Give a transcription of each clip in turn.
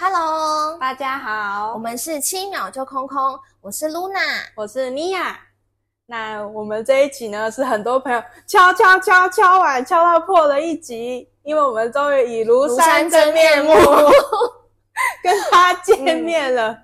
哈嘍大家好，我們是七秒就空空，我是露娜，我是 Nia。那我們這一集呢，是很多朋友敲敲敲敲碗敲到破了一集，因為我們終於以廬山真面目，真面目 跟他見面了，嗯。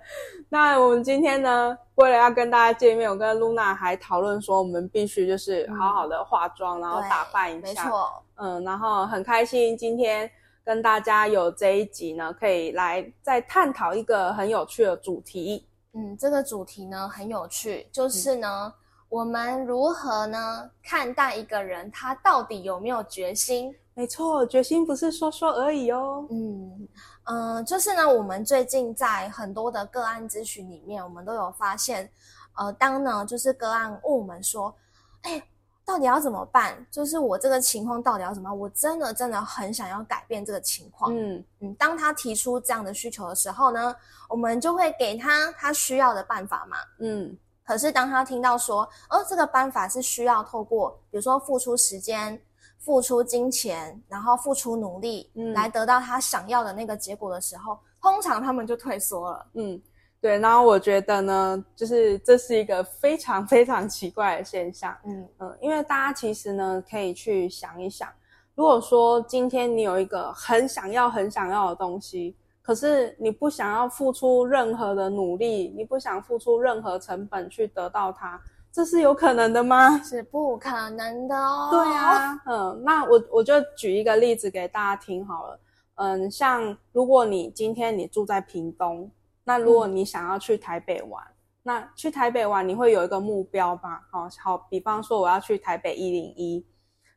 那我們今天呢，為了要跟大家見面，我跟露娜還討論說，我們必須就是好好的化妝，嗯、然後打扮一下沒錯，嗯，然後很開心今天。跟大家有這一集呢，可以來再探討一個很有趣的主題。嗯，這個主題呢很有趣，就是呢，嗯、我們如何呢看待一個人他到底有沒有決心？沒錯，決心不是說說而已哦。嗯嗯、呃，就是呢，我們最近在很多的個案諮詢裡面，我們都有發現，呃，當呢就是個案問我們說，哎、欸。到底要怎麼辦？就是我這個情況到底要怎麼樣？我真的真的很想要改變這個情況。嗯嗯，當他提出這樣的需求的時候呢，我們就會給他他需要的辦法嘛。嗯，可是當他聽到說，哦，呃，這個辦法是需要透過，比如說付出時間、付出金錢，然後付出努力，嗯，來得到他想要的那個結果的時候，通常他們就退縮了。嗯。對，然後我覺得呢，就是這是一個非常非常奇怪的現象。嗯嗯，因為大家其實呢，可以去想一想，如果說今天你有一個很想要、很想要的東西，可是你不想要付出任何的努力，你不想付出任何成本去得到它，這是有可能的嗎？是不可能的哦。對呀，啊，嗯，那我我就舉一個例子給大家聽好了。嗯，像如果你今天你住在屏東。那如果你想要去台北玩，嗯，那去台北玩你會有一個目標吧？好好，比方說我要去台北一零一，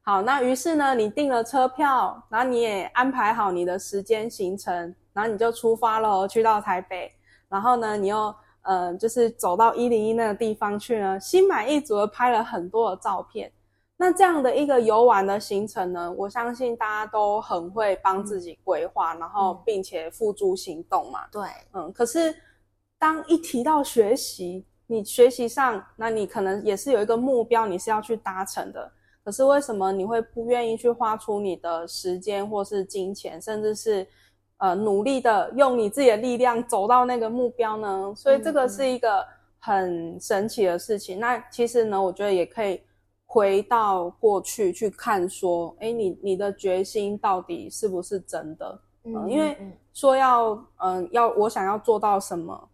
好，那於是呢，你訂了車票，然後你也安排好你的時間行程，然後你就出發了，去到台北，然後呢，你又呃，就是走到一零一那個地方去呢，心滿意足的拍了很多的照片。那這樣的一個遊玩的行程呢，我相信大家都很會幫自己規劃，嗯、然後並且付諸行動嘛。對、嗯，嗯。可是當一提到學習，你學習上，那你可能也是有一個目標，你是要去達成的。可是為什麼你會不願意去花出你的時間，或是金錢，甚至是呃努力的用你自己的力量走到那個目標呢？所以這個是一個很神奇的事情。嗯嗯。那其實呢，我覺得也可以。回到過去去看，說，哎，你你的決心到底是不是真的？嗯，呃，因為說要，嗯，呃，要我想要做到什麼，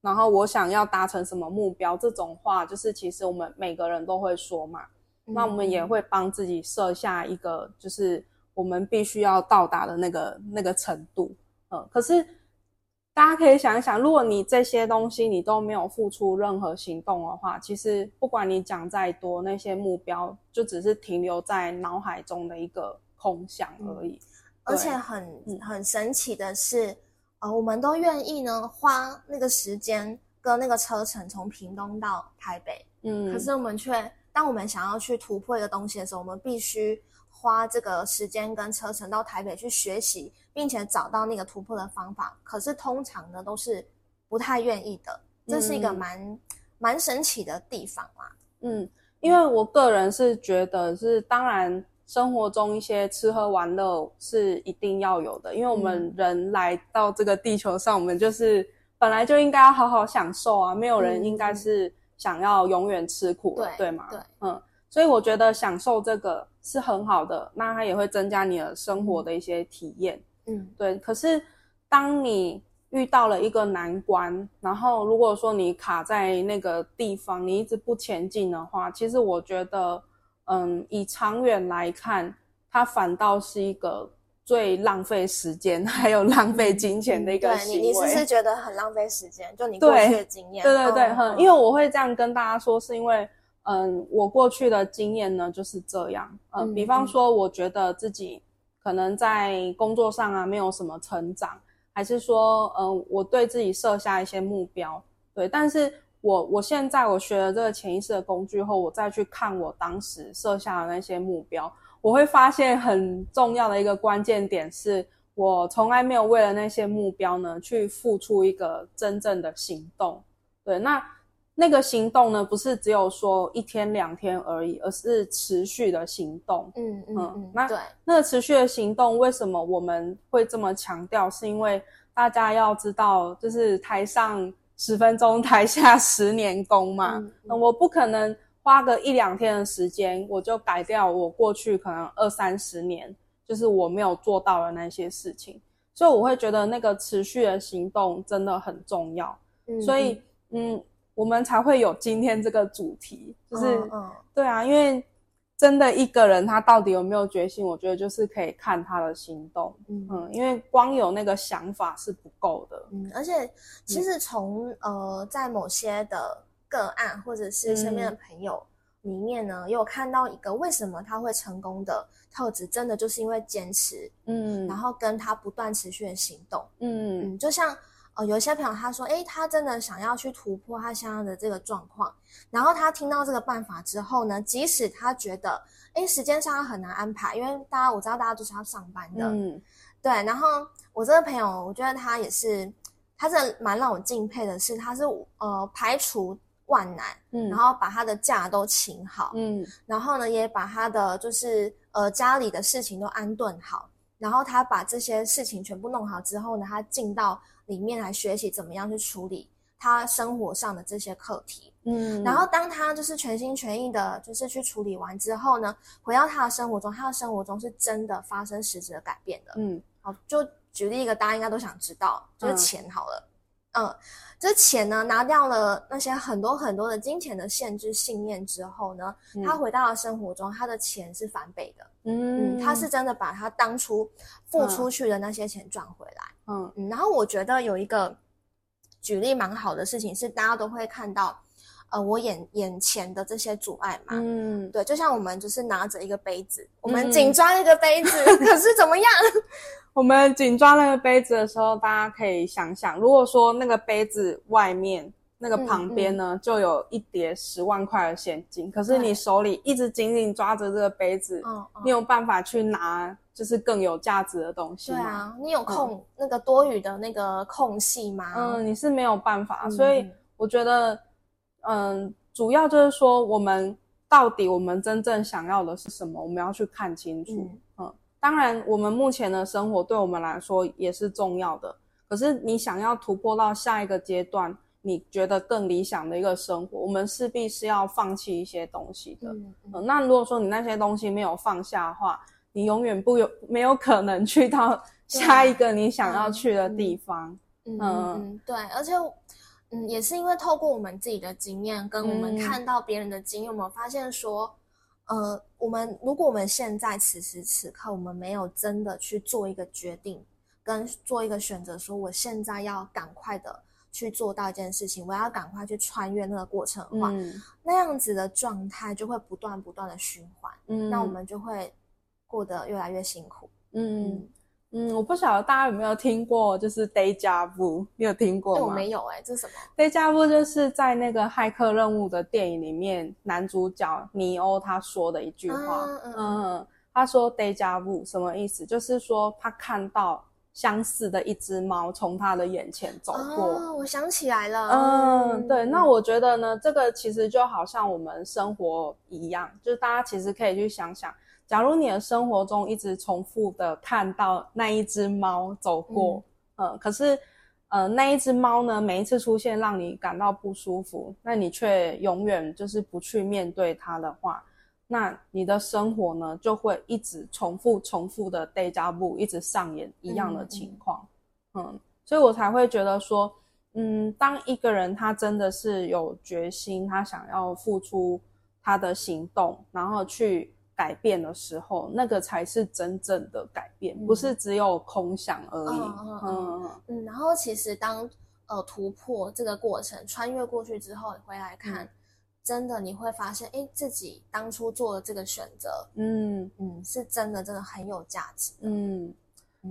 然後我想要達成什麼目標，這種話，就是其實我們每個人都會說嘛。嗯，那我們也會幫自己設下一個，就是我們必須要到達的那個那個程度。嗯，呃，可是。大家可以想一想，如果你這些東西你都沒有付出任何行動的話，其實不管你講再多，那些目標就只是停留在腦海中的一個空想而已。嗯，而且很很神奇的是，呃，我們都願意呢花那個時間跟那個車程從屏東到台北，嗯，可是我們卻當我們想要去突破一個東西的時候，我們必須花這個時間跟車程到台北去學習。並且找到那個突破的方法，可是通常呢都是不太願意的。這是一個蠻蠻、嗯、神奇的地方嘛、啊？嗯，因為我個人是覺得是，是當然生活中一些吃喝玩樂是一定要有的，因為我們人來到這個地球上，嗯、我們就是本來就應該要好好享受啊！沒有人應該是想要永遠吃苦、嗯，對對嗎？對，嗯，所以我覺得享受這個是很好的，那它也會增加你的生活的一些體驗。嗯，對。可是，當你遇到了一個難關，然後如果說你卡在那個地方，你一直不前進的話，其實我覺得，嗯，以長遠來看，它反倒是一個最浪費時間還有浪費金錢的一個事情、嗯嗯、你你是不是覺得很浪費時間，就你過去的經驗。對對對,對、哦，因為我會這樣跟大家說，是因為，嗯，我過去的經驗呢就是這樣。嗯、呃，比方說，我覺得自己。嗯嗯可能在工作上啊，沒有什麼成長，還是說，嗯、呃，我對自己設下一些目標，對，但是我我現在我學了這個潛意識的工具後，我再去看我當時設下的那些目標，我會發現很重要的一個關鍵點是，我從來沒有為了那些目標呢去付出一個真正的行動，對，那。那個行動呢，不是只有說一天兩天而已，而是持續的行動。嗯嗯嗯。那對那個持續的行動，為什麼我們會這麼強調？是因為大家要知道，就是台上十分鐘，台下十年功嘛，嗯嗯。我不可能花個一兩天的時間，我就改掉我過去可能二三十年就是我沒有做到的那些事情。所以我會覺得那個持續的行動真的很重要。嗯，所以嗯。嗯我們才會有今天這個主題，就是、嗯嗯、對啊，因為真的一個人他到底有沒有決心，我覺得就是可以看他的行動，嗯，嗯，因為光有那個想法是不夠的。嗯，而且其實從、嗯、呃，在某些的個案或者是身邊的朋友裡面呢、嗯，有看到一個為什麼他會成功的特質，真的就是因為堅持，嗯，然後跟他不斷持續的行動，嗯，嗯，就像。哦，有些朋友他說，哎，他真的想要去突破他現在的這個狀況，然後他聽到這個辦法之後呢，即使他覺得，哎，時間上很難安排，因為大家我知道大家就是要上班的，嗯，對。然後我這個朋友，我覺得他也是，他真的蠻讓我敬佩的是，他是呃排除萬難，嗯，然後把他的假都請好，嗯，然後呢，也把他的就是呃家裡的事情都安頓好。然後他把這些事情全部弄好之後呢，他進到裡面來學習怎麼樣去處理他生活上的這些課題。嗯，然後當他就是全心全意的，就是去處理完之後呢，回到他的生活中，他的生活中是真的發生實質的改變的。嗯，好，就舉例一個，大家應該都想知道，就是錢好了。嗯嗯，這錢呢，拿掉了那些很多很多的金錢的限制信念之後呢，他回到了生活中，嗯、他的錢是翻倍的嗯。嗯，他是真的把他當初付出去的那些錢賺回來嗯。嗯，然後我覺得有一個舉例蠻好的事情是，大家都會看到。呃，我眼眼前的這些阻礙嘛，嗯，對，就像我們就是拿着一個杯子，嗯、我們緊抓那個杯子，嗯、可是怎麼樣？ 我們緊抓那個杯子的時候，大家可以想想，如果說那個杯子外面那個旁邊呢，嗯嗯、就有一疊十萬塊的現金、嗯，可是你手裡一直緊緊抓着這個杯子，你有辦法去拿就是更有價值的東西？對啊，你有空、嗯、那個多餘的那個空隙嗎？嗯，你是沒有辦法，所以我覺得。嗯，主要就是說，我們到底我們真正想要的是什麼？我們要去看清楚。嗯，嗯，當然，我們目前的生活對我們來說也是重要的。可是，你想要突破到下一個階段，你覺得更理想的一個生活，我們勢必是要放棄一些東西的。嗯嗯，那如果說你那些東西沒有放下的話，你永遠不有沒有可能去到下一個你想要去的地方。嗯，嗯嗯嗯嗯嗯對，對，而且。嗯，也是因為透過我們自己的經驗跟我們看到別人的經驗，嗯，我們發現說，呃，我們如果我們現在此時此刻我們沒有真的去做一個決定跟做一個選擇，說我現在要趕快的去做到一件事情，我要趕快去穿越那個過程的話，嗯，那樣子的狀態就會不斷不斷的循環，嗯，那我們就會過得越來越辛苦，嗯。嗯嗯，我不曉得大家有沒有聽過，就是 deja vu。你有聽過嗎？欸、我沒有哎、欸，這是什麼？Deja vu 就是在那個駭客任務的電影裡面，男主角尼歐他說的一句話。啊、嗯，嗯他說 deja vu 什麼意思？就是說他看到相似的一隻貓從他的眼前走過。哦，我想起來了。嗯，對嗯。那我覺得呢，這個其實就好像我們生活一樣，就是大家其實可以去想想。假如你的生活中一直重複的看到那一只貓走過，嗯，嗯，可是，呃，那一只貓呢，每一次出現，讓你感到不舒服，那你卻永遠就是不去面對它的話，那你的生活呢就會一直重複、重複的 déjà vu，一直上演一樣的情況，嗯嗯，嗯，所以我才會覺得說，嗯，當一個人他真的是有決心，他想要付出他的行動，然後去。改變的時候，那個才是真正的改變，嗯、不是只有空想而已。嗯嗯嗯，嗯，嗯。然後，其實當呃突破這個過程，穿越過去之後，你回來看、嗯，真的你會發現，哎、欸，自己當初做的這個選擇，嗯嗯，是真的，真的很有價值。嗯，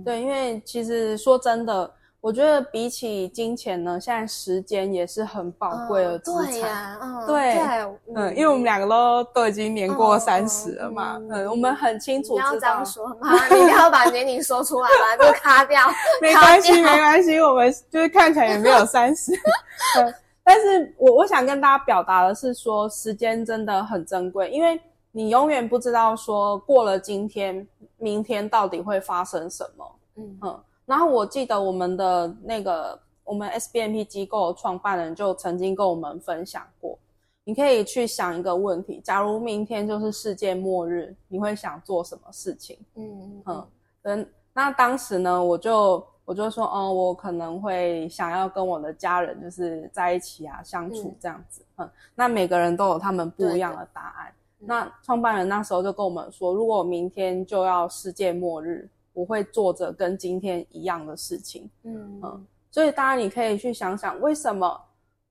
對，因為其實說真的。嗯嗯我覺得比起金錢呢，現在時間也是很寶貴的資產。哦、對呀、啊，嗯，對，嗯，因為我們兩個都都已經年過三十了嘛，嗯嗯嗯嗯嗯，嗯，我們很清楚。你不要這樣說嗎？一 要把年齡說出來嗎？就 咔 掉？沒關係，沒關係，我們就是看起來也沒有三十、 嗯。但是我，我我想跟大家表達的是說，時間真的很珍貴，因為你永遠不知道說過了今天，明天到底會發生什麼。嗯嗯。然後我記得我們的那個，我們 SBNP 機構的創辦人就曾經跟我們分享過，你可以去想一個問題：假如明天就是世界末日，你會想做什麼事情？嗯嗯嗯。那當時呢，我就我就說，哦，我可能會想要跟我的家人就是在一起啊，相處這樣子。嗯，嗯，那每個人都有他們不一樣的答案。對的、嗯。那創辦人那時候就跟我們說，如果明天就要世界末日。不會做着跟今天一樣的事情，嗯嗯，所以大家你可以去想想，為什麼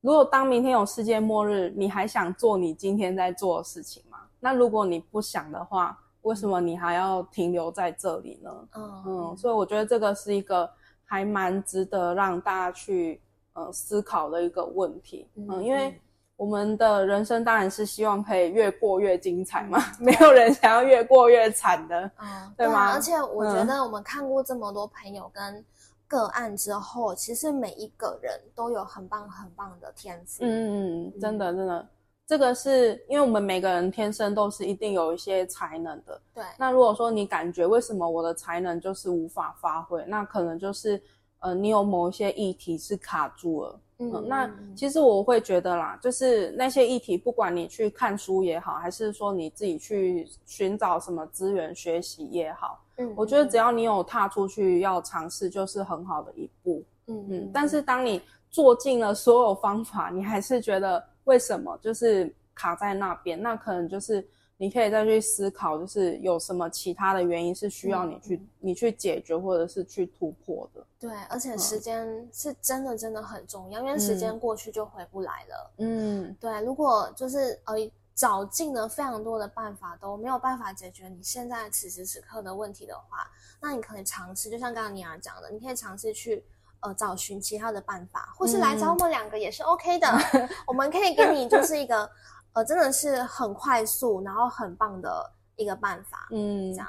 如果當明天有世界末日，你還想做你今天在做的事情嗎？那如果你不想的話，嗯、為什麼你還要停留在這裡呢？嗯、哦、嗯，所以我覺得這個是一個還蠻值得讓大家去呃思考的一個問題，嗯、嗯、嗯，因為。我們的人生當然是希望可以越過越精彩嘛，嗯、沒有人想要越過越慘的，嗯、對啊，對嗎？而且我覺得我們看過這麼多朋友跟個案之後，嗯、其實每一個人都有很棒很棒的天賦。嗯嗯，真的真的，這個是因為我們每個人天生都是一定有一些才能的。對。那如果說你感覺為什麼我的才能就是無法發揮，那可能就是呃，你有某一些議題是卡住了。嗯，那其實我會覺得啦，就是那些議題，不管你去看書也好，還是說你自己去尋找什麼資源學習也好，嗯，我覺得只要你有踏出去要嘗試，就是很好的一步，嗯嗯。但是當你做盡了所有方法，你還是覺得為什麼就是卡在那邊，那可能就是。你可以再去思考，就是有什麼其他的原因是需要你去、嗯、你去解決，或者是去突破的。對，而且時間是真的真的很重要，嗯、因為時間過去就回不來了。嗯，對。如果就是呃，呃找盡了非常多的辦法都沒有辦法解決你現在此時此刻的問題的話，那你可以嘗試，就像剛剛尼婭講的，你可以嘗試去呃找尋其他的辦法，或是來找我們兩個也是 OK 的、嗯。我們可以給你就是一個。 呃，真的是很快速，然後很棒的一個辦法。嗯，這樣，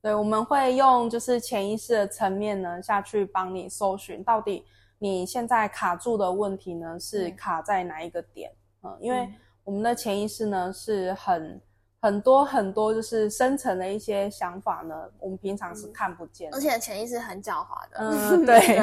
對，我們會用就是潛意識的層面呢下去幫你搜尋，到底你現在卡住的問題呢是卡在哪一個點？嗯，嗯，因為我們的潛意識呢是很。很多很多就是深層的一些想法呢，我們平常是看不見的、嗯，而且潛意識很狡猾的，嗯，對，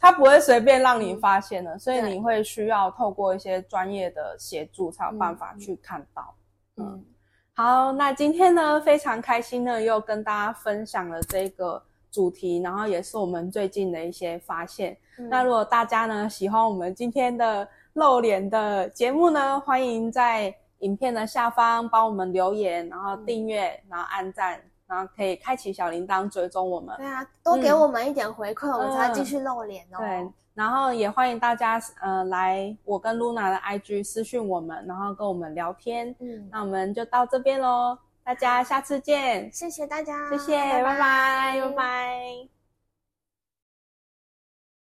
它 不會隨便讓你發現的、嗯，所以你會需要透過一些專業的協助才有辦法去看到。嗯，嗯嗯好，那今天呢非常開心呢又跟大家分享了這個主題，然後也是我們最近的一些發現。嗯、那如果大家呢喜歡我們今天的露臉的節目呢，歡迎在。影片的下方幫我們留言，然後訂閱、嗯，然後按讚，然後可以開啟小鈴鐺追蹤我們。對、嗯、啊，多給我們一點回饋，嗯、我們才繼續露臉哦。對，然後也歡迎大家呃來我跟嚕那的 IG 私訊我們，然後跟我們聊天。嗯，那我們就到這邊嘍，大家下次見，謝謝大家，謝謝，拜拜，拜拜。拜拜。